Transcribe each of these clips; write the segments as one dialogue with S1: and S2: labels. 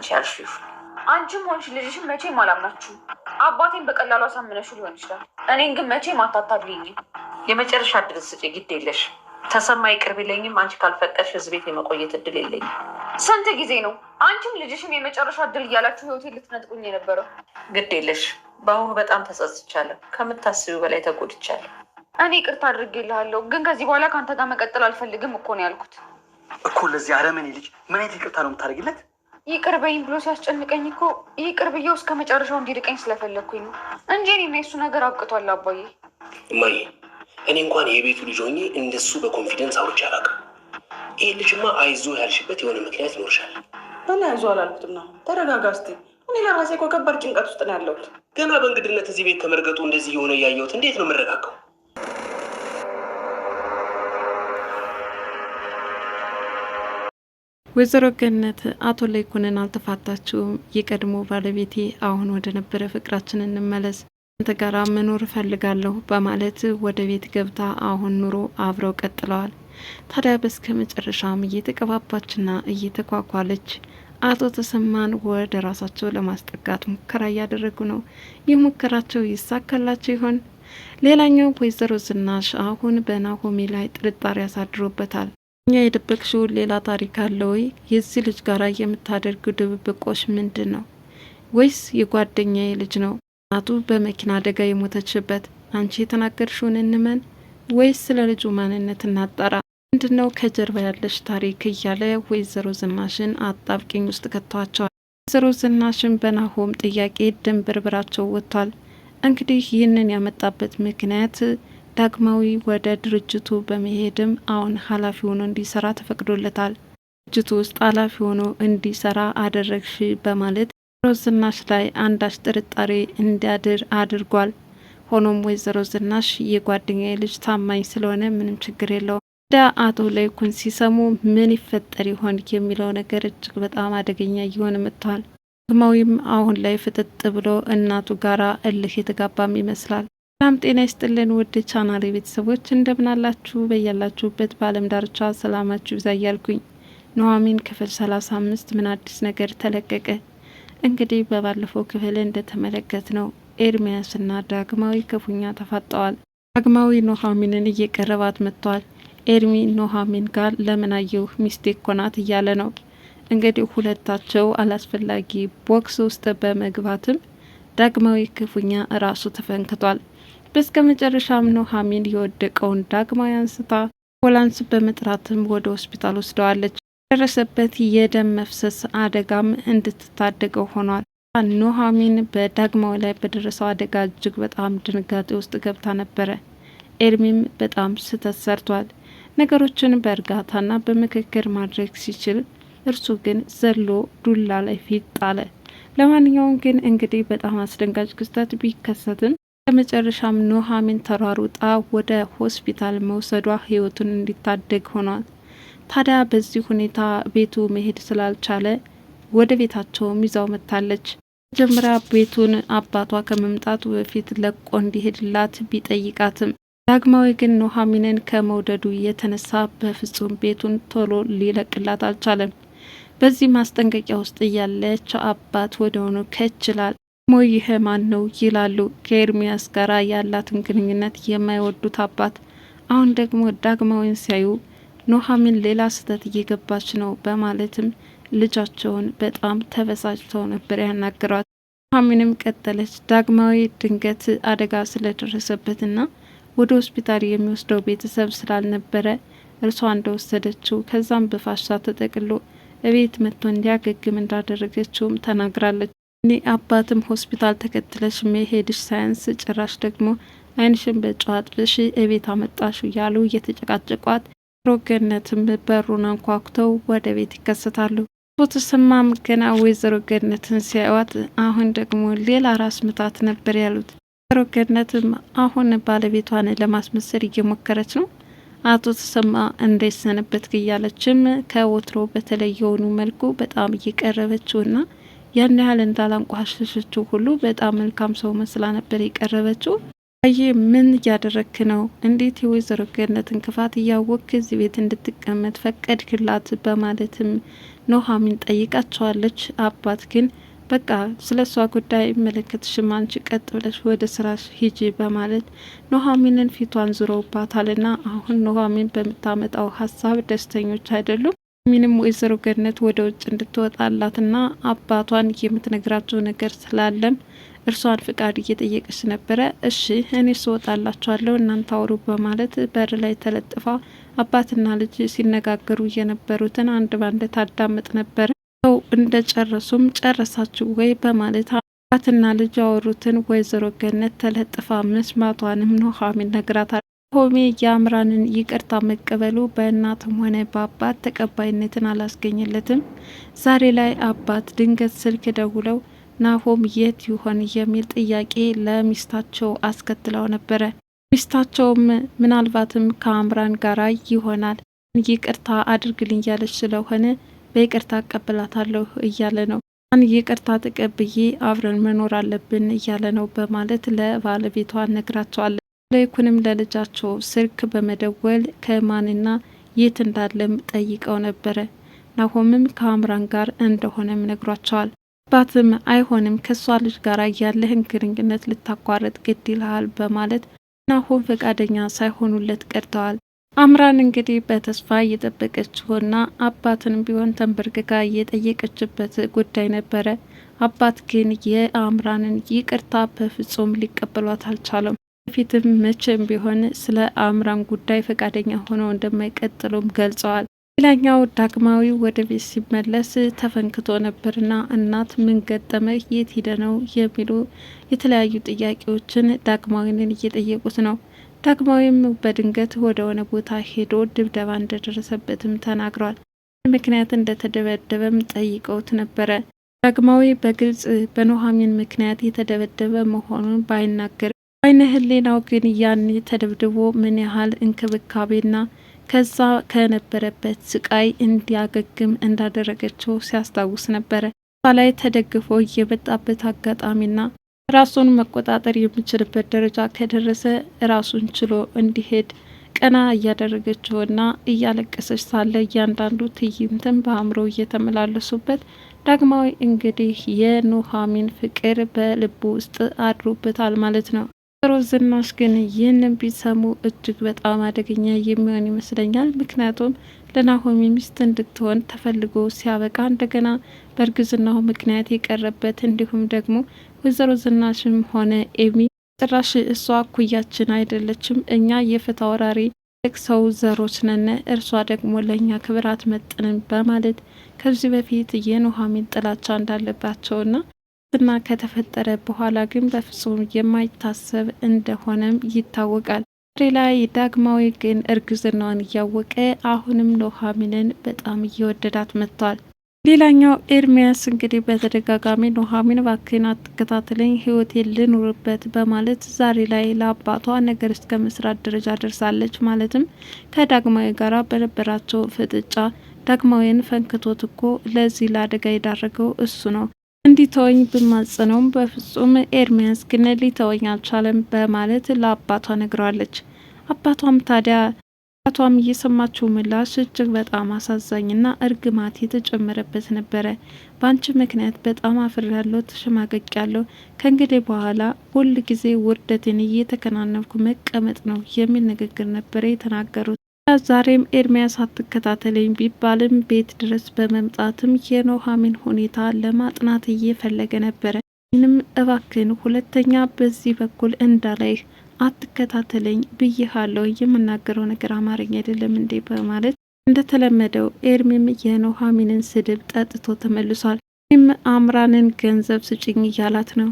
S1: አንቺ ያልሽው ይሁን። አንቺም ሆንሽ ልጅሽም መቼም አላምናችሁም። አባቴን በቀላሉ አሳምነሽ ሊሆን ይችላል። እኔን ግን መቼም ማታታልኝ? የመጨረሻ ዕድል ስጭ። ግድ የለሽ ተሰማ ይቅር ቢለኝም አንቺ ካልፈቀድሽ እዚህ ቤት የመቆየት እድል የለኝም። ስንት ጊዜ ነው አንቺም ልጅሽም የመጨረሻ እድል እያላችሁ ህይወቴ ልትነጥቁኝ የነበረው? ግድ የለሽ በአሁኑ በጣም ተጸጽቻለሁ። ከምታስቢ በላይ ተጎድቻለሁ። እኔ ቅርታ አድርጌልሃለሁ፣ ግን ከዚህ በኋላ ከአንተ ጋር መቀጠል አልፈልግም እኮ ነው ያልኩት እኮ። ለዚህ አረመኔ ልጅ ምን አይነት ይቅርታ ነው የምታደርግለት? ይቅር በይኝ ብሎ ሲያስጨንቀኝ እኮ ይቅር ብዬው እስከ መጨረሻው እንዲርቀኝ ስለፈለግኩኝ ነው እንጂ እኔና የሱ ነገር አብቅቷል። አባዬ እማዬ፣ እኔ እንኳን የቤቱ ልጅ ሆኜ እንደሱ በኮንፊደንስ አውርቼ አላውቅም። ይህ ልጅማ አይዞ ያልሽበት የሆነ ምክንያት ይኖርሻል። እኔ አይዞህ አላልኩትም ነው። ተረጋጋ እኔ ለራሴ እኮ ከባድ ጭንቀት ውስጥ ነው ያለሁት። ገና በእንግድነት እዚህ ቤት ከመርገጡ እንደዚህ የሆነ እያየሁት እንዴት ነው የምረጋጋው? ወይዘሮ ገነት አቶ ለይኩንን አልተፋታችሁም። የቀድሞ ባለቤቴ አሁን ወደ ነበረ ፍቅራችን እንመለስ፣ አንተ ጋራ መኖር እፈልጋለሁ በማለት ወደ ቤት ገብታ አሁን ኑሮ አብረው ቀጥለዋል። ታዲያ በስከ መጨረሻም እየተቀባባችና እየተኳኳለች አቶ ተሰማን ወደ ራሳቸው ለማስጠጋት ሙከራ እያደረጉ ነው። ይህ ሙከራቸው ይሳካላቸው ይሆን? ሌላኛው ወይዘሮ ዝናሽ አሁን በናሆሚ ላይ ጥርጣሬ ያሳድሮበታል። እኛ የደበቅሽውን ሌላ ታሪክ አለ ወይ? የዚህ ልጅ ጋር የምታደርገው ድብብቆሽ ምንድን ነው? ወይስ የጓደኛዬ ልጅ ነው እናቱ በመኪና አደጋ የሞተችበት አንቺ የተናገርሽውን እንመን ወይስ ስለ ልጁ ማንነት እናጣራ? ምንድን ነው ከጀርባ ያለሽ ታሪክ እያለ ወይዘሮ ዝናሽን አጣብቂኝ ውስጥ ከተዋቸዋል። ወይዘሮ ዝናሽን በናሆም ጥያቄ ድንብርብራቸው ወጥቷል። እንግዲህ ይህንን ያመጣበት ምክንያት ዳግማዊ ወደ ድርጅቱ በመሄድም አሁን ኃላፊ ሆኖ እንዲሰራ ተፈቅዶለታል። ድርጅቱ ውስጥ ኃላፊ ሆኖ እንዲሰራ አደረግሽ በማለት ወይዘሮ ዝናሽ ላይ አንዳች ጥርጣሬ እንዲያድር አድርጓል። ሆኖም ወይዘሮ ዝናሽ የጓደኛ ልጅ ታማኝ ስለሆነ ምንም ችግር የለውም። ወደ አቶ ላይኩን ሲሰሙ ምን ይፈጠር ይሆን የሚለው ነገር እጅግ በጣም አደገኛ እየሆነ መጥቷል። ዳግማዊም አሁን ላይ ፍጥጥ ብሎ እናቱ ጋራ እልህ የተጋባም ይመስላል። ሰላም ጤና ይስጥልን ውድ ቻናል ቤተሰቦች እንደምናላችሁ በያላችሁበት በአለም ዳርቻ ሰላማችሁ ይብዛ እያልኩኝ ኑሐሚን ክፍል ሰላሳ አምስት ምን አዲስ ነገር ተለቀቀ? እንግዲህ በባለፈው ክፍል እንደተመለከት ነው ኤርሚያስና ዳግማዊ ክፉኛ ተፋጠዋል። ዳግማዊ ኑሐሚንን እየቀረባት መጥቷል። ኤርሚ ኑሐሚን ጋር ለምን አየሁ ሚስቴክ ኮናት እያለ ነው። እንግዲህ ሁለታቸው አላስፈላጊ ቦክስ ውስጥ በመግባትም ዳግማዊ ክፉኛ ራሱ ተፈንክቷል። በስከ መጨረሻም ኑሐሚን የወደቀውን ዳግማዊ አንስታ አምቡላንስ በመጥራትም ወደ ሆስፒታል ወስደዋለች። የደረሰበት የደም መፍሰስ አደጋም እንድትታደገው ሆኗል። ኑሐሚን በዳግማዊ ላይ በደረሰው አደጋ እጅግ በጣም ድንጋጤ ውስጥ ገብታ ነበረ። ኤርሚም በጣም ስህተት ሰርቷል። ነገሮችን በእርጋታና በምክክር ማድረግ ሲችል እርሱ ግን ዘሎ ዱላ ላይ ፊት ጣለ። ለማንኛውም ግን እንግዲህ በጣም አስደንጋጭ ክስተት ቢከሰትም በመጨረሻም ኑሐሚን ተሯሩጣ ወደ ሆስፒታል መውሰዷ ህይወቱን እንዲታደግ ሆኗል። ታዲያ በዚህ ሁኔታ ቤቱ መሄድ ስላልቻለ ወደ ቤታቸውም ይዛው መጥታለች። መጀመሪያ ቤቱን አባቷ ከመምጣቱ በፊት ለቆ እንዲሄድላት ቢጠይቃትም ዳግማዊ ግን ኑሐሚንን ከመውደዱ የተነሳ በፍጹም ቤቱን ቶሎ ሊለቅላት አልቻለም። በዚህ ማስጠንቀቂያ ውስጥ እያለች አባት ወደሆኑ ከችላል ሞ ይሄ ማን ነው ይላሉ ከኤርሚያስ ጋር ያላትን ግንኙነት የማይወዱት አባት። አሁን ደግሞ ዳግማዊን ሲያዩ ኑሐሚን ሌላ ስህተት እየገባች ነው በማለትም ልጃቸውን በጣም ተበሳጭተው ነበር ያናግሯት። ኑሐሚንም ቀጠለች። ዳግማዊ ድንገት አደጋ ስለደረሰበትና ወደ ሆስፒታል የሚወስደው ቤተሰብ ስላልነበረ እርሷ እንደወሰደችው ከዛም በፋሻ ተጠቅሎ እቤት መጥቶ እንዲያገግም እንዳደረገችውም ተናግራለች። እኔ አባትም ሆስፒታል ተከትለሽ መሄድሽ ሳያንስ ጭራሽ ደግሞ አይንሽን በጨው አጥብሽ እቤት አመጣሽ እያሉ እየተጨቃጨቋት ሮገነትም በሩን አንኳኩተው ወደ ቤት ይከሰታሉ። ፎትስማም ገና ወይዘሮ ገነትን ሲያዩት አሁን ደግሞ ሌላ ራስ ምታት ነበር ያሉት። ወይዘሮ ገነትም አሁን ባለቤቷን ለማስመሰል እየሞከረች ነው። አቶ ተሰማ እንደሰነበት እያለችም ከወትሮ በተለየ የሆኑ መልኩ በጣም እየቀረበችውና ያን ያህል እንዳላንቋሸሸችው ሁሉ በጣም መልካም ሰው መስላ ነበር የቀረበችው። አየ ምን እያደረክ ነው? እንዴት የወይዘሮ ገነትን ክፋት እያወቅክ እዚህ ቤት እንድትቀመጥ ፈቀድክላት? በማለትም ኑሐሚን ጠይቃቸዋለች። አባት ግን በቃ ስለ እሷ ጉዳይ መለከትሽም አንቺ ቀጥ ብለሽ ወደ ስራሽ ሂጂ በማለት ኑሐሚንን ፊቷን ና አሁን ኑሐሚን በምታመጣው ሀሳብ ደስተኞች አይደሉም። ሚንም ወይዘሮ ገነት ወደ ውጭ እንድትወጣላትና አባቷን የምትነግራቸው ነገር ስላለም እርሷን ፍቃድ እየጠየቀች ነበረ። እሺ እኔ ስወጣላችኋለሁ እናንተ አውሩ በማለት በር ላይ ተለጥፋ አባትና ልጅ ሲነጋገሩ የነበሩትን አንድ ባንድ ታዳምጥ ነበረ። ሰው እንደ ጨረሱም ጨረሳችሁ ወይ በማለት አባትና ልጅ ያወሩትን ወይዘሮ ገነት ተለጥፋ መስማቷንም ኑሐሚን ነግራታል። ሆሜ የአምራንን ይቅርታ መቀበሉ በእናትም ሆነ በአባት ተቀባይነትን አላስገኘለትም። ዛሬ ላይ አባት ድንገት ስልክ ደውለው ናሆም የት ይሆን የሚል ጥያቄ ለሚስታቸው አስከትለው ነበረ። ሚስታቸውም ምናልባትም ከአምራን ጋር ይሆናል ይቅርታ አድርግልኝ ያለች ስለሆነ በይቅርታ አቀብላታለሁ እያለ ነው። አን ይቅርታ ተቀብዬ አብረን መኖር አለብን እያለ ነው በማለት ለባለቤቷ ነግራቸዋለች። ለይኩንም ለልጃቸው ስልክ በመደወል ከማንና የት እንዳለም ጠይቀው ነበረ። ናሆምም ከአምራን ጋር እንደሆነም ነግሯቸዋል። አባትም አይሆንም ከእሷ ልጅ ጋር ያለህን ግንኙነት ልታቋረጥ ግድ ይልሃል በማለት ናሆም ፈቃደኛ ሳይሆኑለት ቀርተዋል። አምራን እንግዲህ በተስፋ እየጠበቀችውና አባትን ቢሆን ተንበርክካ እየጠየቀችበት ጉዳይ ነበረ። አባት ግን የአምራንን ይቅርታ በፍጹም ሊቀበሏት አልቻለም። ፊትም መቼም ቢሆን ስለ አምራን ጉዳይ ፈቃደኛ ሆነው እንደማይቀጥሉም ገልጸዋል። ሌላኛው ዳግማዊ ወደ ቤት ሲመለስ ተፈንክቶ ነበርና እናት ምን ገጠመ፣ የት ሂደ ነው የሚሉ የተለያዩ ጥያቄዎችን ዳግማዊንን እየጠየቁት ነው። ዳግማዊም በድንገት ወደ ሆነ ቦታ ሄዶ ድብደባ እንደደረሰበትም ተናግሯል። ምክንያት እንደተደበደበም ጠይቀውት ነበረ። ዳግማዊ በግልጽ በኑሐሚን ምክንያት የተደበደበ መሆኑን ባይናገር አይነ ህሌናው ግን ያኔ ተደብድቦ ምን ያህል እንክብካቤና ከዛ ከነበረበት ስቃይ እንዲያገግም እንዳደረገችው ሲያስታውስ ነበረ። እሷ ላይ ተደግፎ የመጣበት አጋጣሚና ራሱን መቆጣጠር የሚችልበት ደረጃ ከደረሰ ራሱን ችሎ እንዲሄድ ቀና እያደረገችውና እያለቀሰች ሳለ እያንዳንዱ ትዕይንትን በአእምሮ እየተመላለሱበት ዳግማዊ እንግዲህ የኑሐሚን ፍቅር በልቡ ውስጥ አድሮበታል ማለት ነው። ወይዘሮ ዝናሽ ግን ይህንን ቢሰሙ እጅግ በጣም አደገኛ የሚሆን ይመስለኛል። ምክንያቱም ለናሆሚ ሚስት እንድትሆን ተፈልጎ ሲያበቃ እንደገና በእርግዝናው ምክንያት የቀረበት እንዲሁም ደግሞ ወይዘሮ ዝናሽም ሆነ ኤሚ ጭራሽ እሷ እኩያችን አይደለችም፣ እኛ የፍትሐ ወራሪ ሰው ዘሮች ነን፣ እርሷ ደግሞ ለእኛ ክብር አትመጥንም በማለት ከዚህ በፊት የኑሐሚን ጥላቻ እንዳለባቸውና ዝና ከተፈጠረ በኋላ ግን በፍጹም የማይታሰብ እንደሆነም ይታወቃል። ሬ ላይ ዳግማዊ ግን እርግዝናዋን እያወቀ አሁንም ኑሐሚንን በጣም እየወደዳት መጥቷል። ሌላኛው ኤርሚያስ እንግዲህ በተደጋጋሚ ኑሐሚን እባክህን አትከታተለኝ፣ ህይወቴ ልኑርበት በማለት ዛሬ ላይ ለአባቷ ነገር እስከ መስራት ደረጃ ደርሳለች። ማለትም ከዳግማዊ ጋር በነበራቸው ፍጥጫ ዳግማዊን ፈንክቶት እኮ ለዚህ ለአደጋ የዳረገው እሱ ነው እንዲተወኝ ብማጽነውም በፍጹም ኤርሚያስ ግን ሊተወኝ አልቻለም በማለት ለአባቷ ነግረዋለች። አባቷም ታዲያ አባቷም እየሰማችው ምላሽ እጅግ በጣም አሳዛኝና እርግማት የተጨመረበት ነበረ። በአንቺ ምክንያት በጣም አፍሬያለሁ፣ ተሸማቀቂያለሁ። ከእንግዲህ በኋላ ሁል ጊዜ ውርደትን እየተከናነብኩ መቀመጥ ነው የሚል ንግግር ነበረ የተናገሩት። ዛሬም ኤርሚያስ አትከታተለኝ ቢባልም ቤት ድረስ በመምጣትም የኑሐሚን ሁኔታ ለማጥናት እየፈለገ ነበረ። ይህንም እባክን ሁለተኛ በዚህ በኩል እንዳላይህ አትከታተለኝ ብይሃለሁ፣ የምናገረው ነገር አማርኛ አይደለም እንዴ? በማለት እንደተለመደው ኤርሚም የኑሐሚንን ስድብ ጠጥቶ ተመልሷል። ይህም አምራንን ገንዘብ ስጭኝ እያላት ነው።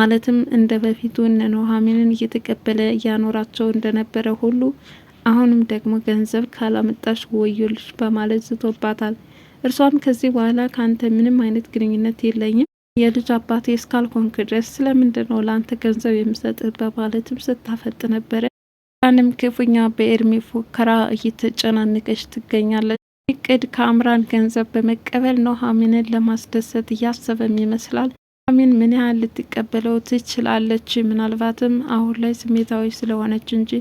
S1: ማለትም እንደ በፊቱ እነ ኑሐሚንን እየተቀበለ እያኖራቸው እንደነበረ ሁሉ አሁንም ደግሞ ገንዘብ ካላመጣሽ ወዮልሽ በማለት ዝቶባታል። እርሷም ከዚህ በኋላ ከአንተ ምንም አይነት ግንኙነት የለኝም የልጅ አባቴ እስካልሆንክ ድረስ ስለምንድን ነው ለአንተ ገንዘብ የምሰጥህ በማለትም ስታፈጥ ነበረ። ያንም ክፉኛ በኤርሚ ፎከራ እየተጨናነቀች ትገኛለች። እቅድ ከአምራን ገንዘብ በመቀበል ነው ኑሐሚንን ለማስደሰት እያሰበም ይመስላል። ኑሐሚን ምን ያህል ልትቀበለው ትችላለች? ምናልባትም አሁን ላይ ስሜታዊ ስለሆነች እንጂ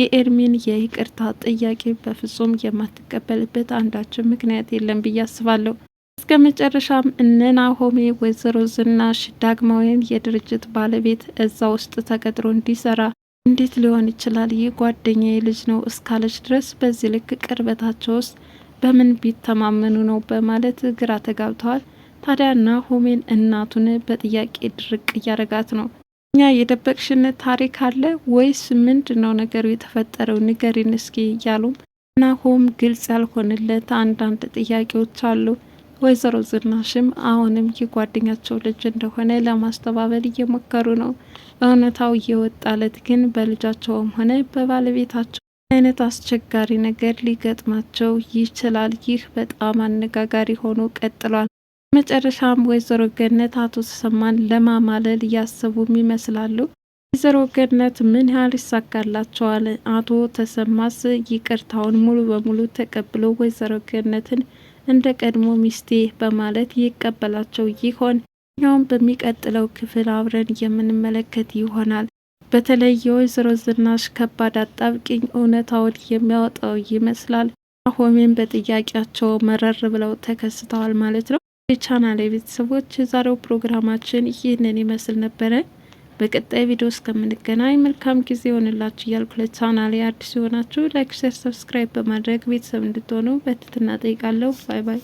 S1: የኤርሚን የይቅርታ ጥያቄ በፍጹም የማትቀበልበት አንዳችን ምክንያት የለም ብዬ አስባለሁ። እስከ መጨረሻም እነ ናሆሜ ወይዘሮ ዝናሽ ዳግማዊን የድርጅት ባለቤት እዛ ውስጥ ተቀጥሮ እንዲሰራ እንዴት ሊሆን ይችላል? ይህ ጓደኛ ልጅ ነው እስካለች ድረስ በዚህ ልክ ቅርበታቸው ውስጥ በምን ቢተማመኑ ነው በማለት ግራ ተጋብተዋል። ታዲያ ናሆሜን እናቱን በጥያቄ ድርቅ እያረጋት ነው። እኛ የደበቅሽነት ታሪክ አለ ወይስ ምንድን ነው ነገሩ የተፈጠረው? ንገሪን እስኪ እያሉም ናሆም ግልጽ ያልሆንለት አንዳንድ ጥያቄዎች አሉ። ወይዘሮ ዝናሽም አሁንም የጓደኛቸው ልጅ እንደሆነ ለማስተባበል እየሞከሩ ነው። እውነታው እየወጣለት ግን በልጃቸውም ሆነ በባለቤታቸው አይነት አስቸጋሪ ነገር ሊገጥማቸው ይችላል። ይህ በጣም አነጋጋሪ ሆኖ ቀጥሏል። መጨረሻም ወይዘሮ ገነት አቶ ተሰማን ለማማለል እያሰቡም ይመስላሉ። ወይዘሮ ገነት ምን ያህል ይሳካላቸዋል? አቶ ተሰማስ ይቅርታውን ሙሉ በሙሉ ተቀብሎ ወይዘሮ ገነትን እንደ ቀድሞ ሚስቴ በማለት ይቀበላቸው ይሆን? ኛውም በሚቀጥለው ክፍል አብረን የምንመለከት ይሆናል። በተለይ የወይዘሮ ዝናሽ ከባድ አጣብቂኝ እውነታውን የሚያወጣው ይመስላል። አሁንም በጥያቄያቸው መረር ብለው ተከስተዋል ማለት ነው። የቻናል ቤተሰቦች የዛሬው ፕሮግራማችን ይህንን ይመስል ነበረ። በቀጣይ ቪዲዮ እስከምንገናኝ መልካም ጊዜ ይሆንላችሁ እያልኩ ለቻናሌ አዲስ የሆናችሁ ላይክ፣ ሸር፣ ሰብስክራይብ በማድረግ ቤተሰብ እንድትሆኑ በትህትና ጠይቃለሁ። ባይ ባይ።